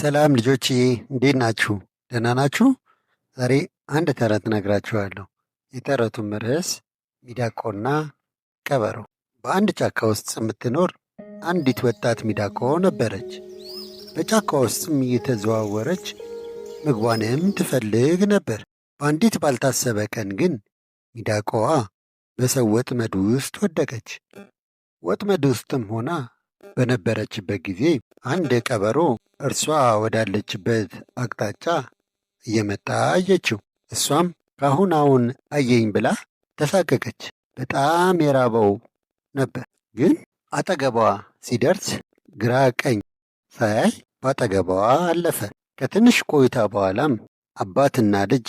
ሰላም ልጆችዬ እንዴት ናችሁ? ደህና ናችሁ? ዛሬ አንድ ተረት ነግራችኋለሁ። የተረቱም ርዕስ ሚዳቆና ቀበሮ። በአንድ ጫካ ውስጥ የምትኖር አንዲት ወጣት ሚዳቆ ነበረች። በጫካ ውስጥም እየተዘዋወረች ምግቧንም ትፈልግ ነበር። በአንዲት ባልታሰበ ቀን ግን ሚዳቆዋ በሰው ወጥመድ ውስጥ ወደቀች። ወጥመድ ውስጥም ሆና በነበረችበት ጊዜ አንድ ቀበሮ እርሷ ወዳለችበት አቅጣጫ እየመጣ አየችው። እሷም ካሁን አሁን አየኝ ብላ ተሳቀቀች። በጣም የራበው ነበር። ግን አጠገቧ ሲደርስ ግራ ቀኝ ሳያይ በአጠገቧ አለፈ። ከትንሽ ቆይታ በኋላም አባትና ልጅ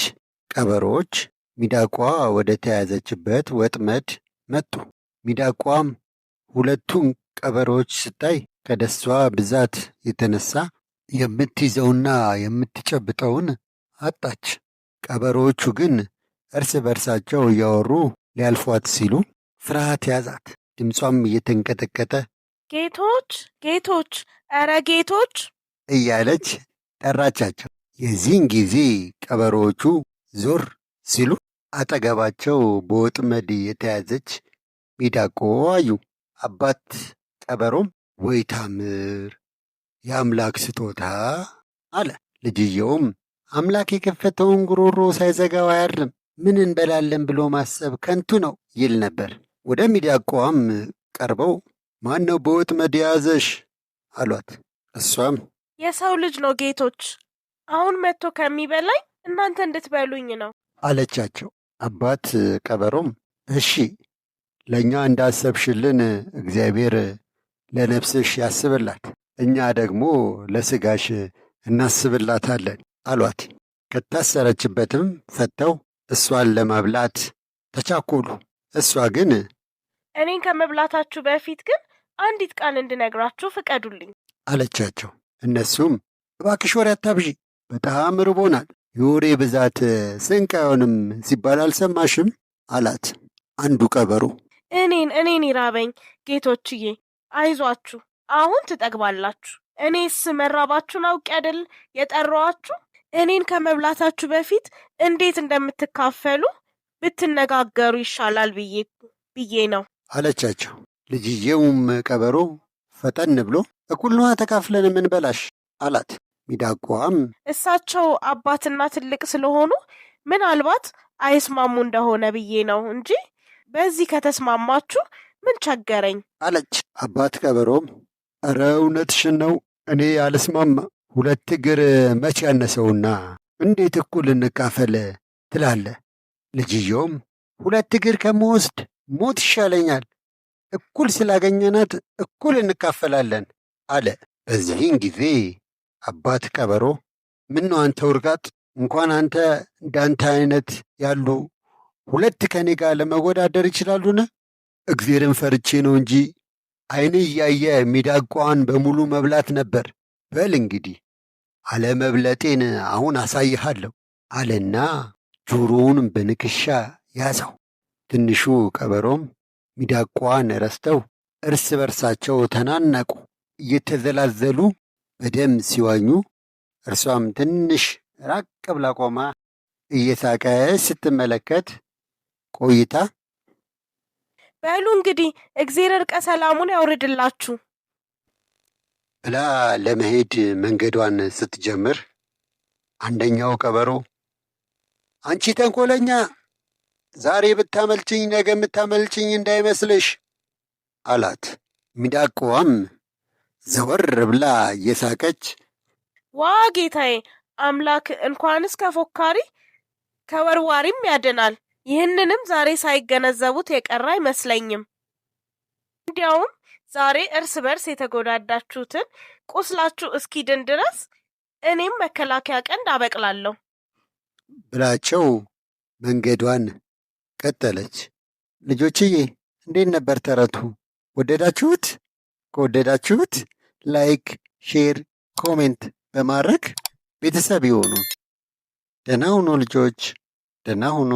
ቀበሮች ሚዳቋ ወደ ተያዘችበት ወጥመድ መጡ። ሚዳቋም ሁለቱን ቀበሮች ስታይ ከደስቷ ብዛት የተነሳ የምትይዘውና የምትጨብጠውን አጣች። ቀበሮዎቹ ግን እርስ በርሳቸው እያወሩ ሊያልፏት ሲሉ ፍርሃት ያዛት። ድምጿም እየተንቀጠቀጠ ጌቶች ጌቶች፣ ኧረ ጌቶች እያለች ጠራቻቸው። የዚህን ጊዜ ቀበሮዎቹ ዞር ሲሉ አጠገባቸው በወጥመድ የተያዘች ሚዳቆ አዩ። አባት ቀበሮም ወይ ታምር የአምላክ ስጦታ አለ። ልጅየውም አምላክ የከፈተውን ጉሮሮ ሳይዘጋው አያድርም፣ ምን እንበላለን ብሎ ማሰብ ከንቱ ነው ይል ነበር። ወደ ሚዳቋም ቀርበው ማን ነው በወጥመድ የያዘሽ አሏት። እሷም የሰው ልጅ ነው ጌቶች፣ አሁን መጥቶ ከሚበላኝ እናንተ እንድትበሉኝ ነው አለቻቸው። አባት ቀበሮም እሺ ለእኛ እንዳሰብሽልን እግዚአብሔር ለነፍስሽ ያስብላት እኛ ደግሞ ለስጋሽ እናስብላታለን አሏት። ከታሰረችበትም ፈተው እሷን ለመብላት ተቻኮሉ። እሷ ግን እኔን ከመብላታችሁ በፊት ግን አንዲት ቃል እንድነግራችሁ ፍቀዱልኝ አለቻቸው። እነሱም እባክሽ ወሬ አታብዢ፣ በጣም ርቦናል፣ የወሬ ብዛት ስንቅ አይሆንም ሲባል አልሰማሽም አላት። አንዱ ቀበሮ እኔን እኔን ይራበኝ ጌቶችዬ፣ አይዟችሁ አሁን ትጠግባላችሁ። እኔስ መራባችሁን አውቅ አይደል የጠራኋችሁ? እኔን ከመብላታችሁ በፊት እንዴት እንደምትካፈሉ ብትነጋገሩ ይሻላል ብዬ ነው አለቻቸው። ልጅየውም ቀበሮ ፈጠን ብሎ እኩልዋ ተካፍለን የምንበላሽ አላት። ሚዳቋም እሳቸው አባትና ትልቅ ስለሆኑ ምናልባት አይስማሙ እንደሆነ ብዬ ነው እንጂ በዚህ ከተስማማችሁ ምን ቸገረኝ አለች። አባት ቀበሮም እረ እውነትሽን ነው። እኔ አልስማማ። ሁለት እግር መቼ ያነሰውና እንዴት እኩል እንካፈል ትላለ። ልጅየውም ሁለት እግር ከመወስድ ሞት ይሻለኛል፣ እኩል ስላገኘናት እኩል እንካፈላለን አለ። በዚህን ጊዜ አባት ቀበሮ ምኖ አንተ ውርጋጥ፣ እንኳን አንተ እንዳንተ አይነት ያሉ ሁለት ከኔ ጋር ለመወዳደር ይችላሉን? እግዜርን ፈርቼ ነው እንጂ አይን እያየ ሚዳቋን በሙሉ መብላት ነበር። በል እንግዲህ አለመብለጤን አሁን አሳይሃለሁ አለና ጆሮውን በንክሻ ያዘው። ትንሹ ቀበሮም ሚዳቋን ረስተው እርስ በርሳቸው ተናነቁ። እየተዘላዘሉ በደም ሲዋኙ እርሷም ትንሽ ራቅ ብላ ቆማ እየሳቀ ስትመለከት ቆይታ በሉ እንግዲህ እግዜር እርቀ ሰላሙን ያውርድላችሁ ብላ ለመሄድ መንገዷን ስትጀምር አንደኛው ቀበሮ አንቺ ተንኮለኛ፣ ዛሬ ብታመልጭኝ ነገ የምታመልጭኝ እንዳይመስልሽ አላት። ሚዳቋዋም ዘወር ብላ እየሳቀች ዋ ጌታዬ አምላክ እንኳንስ ከፎካሪ ከወርዋሪም ያድናል ይህንንም ዛሬ ሳይገነዘቡት የቀረ አይመስለኝም። እንዲያውም ዛሬ እርስ በርስ የተጎዳዳችሁትን ቁስላችሁ እስኪድን ድረስ እኔም መከላከያ ቀንድ አበቅላለሁ ብላቸው መንገዷን ቀጠለች። ልጆችዬ እንዴት ነበር ተረቱ? ወደዳችሁት? ከወደዳችሁት ላይክ፣ ሼር፣ ኮሜንት በማድረግ ቤተሰብ ይሆኑ። ደህና ሁኑ ልጆች፣ ደህና ሁኑ።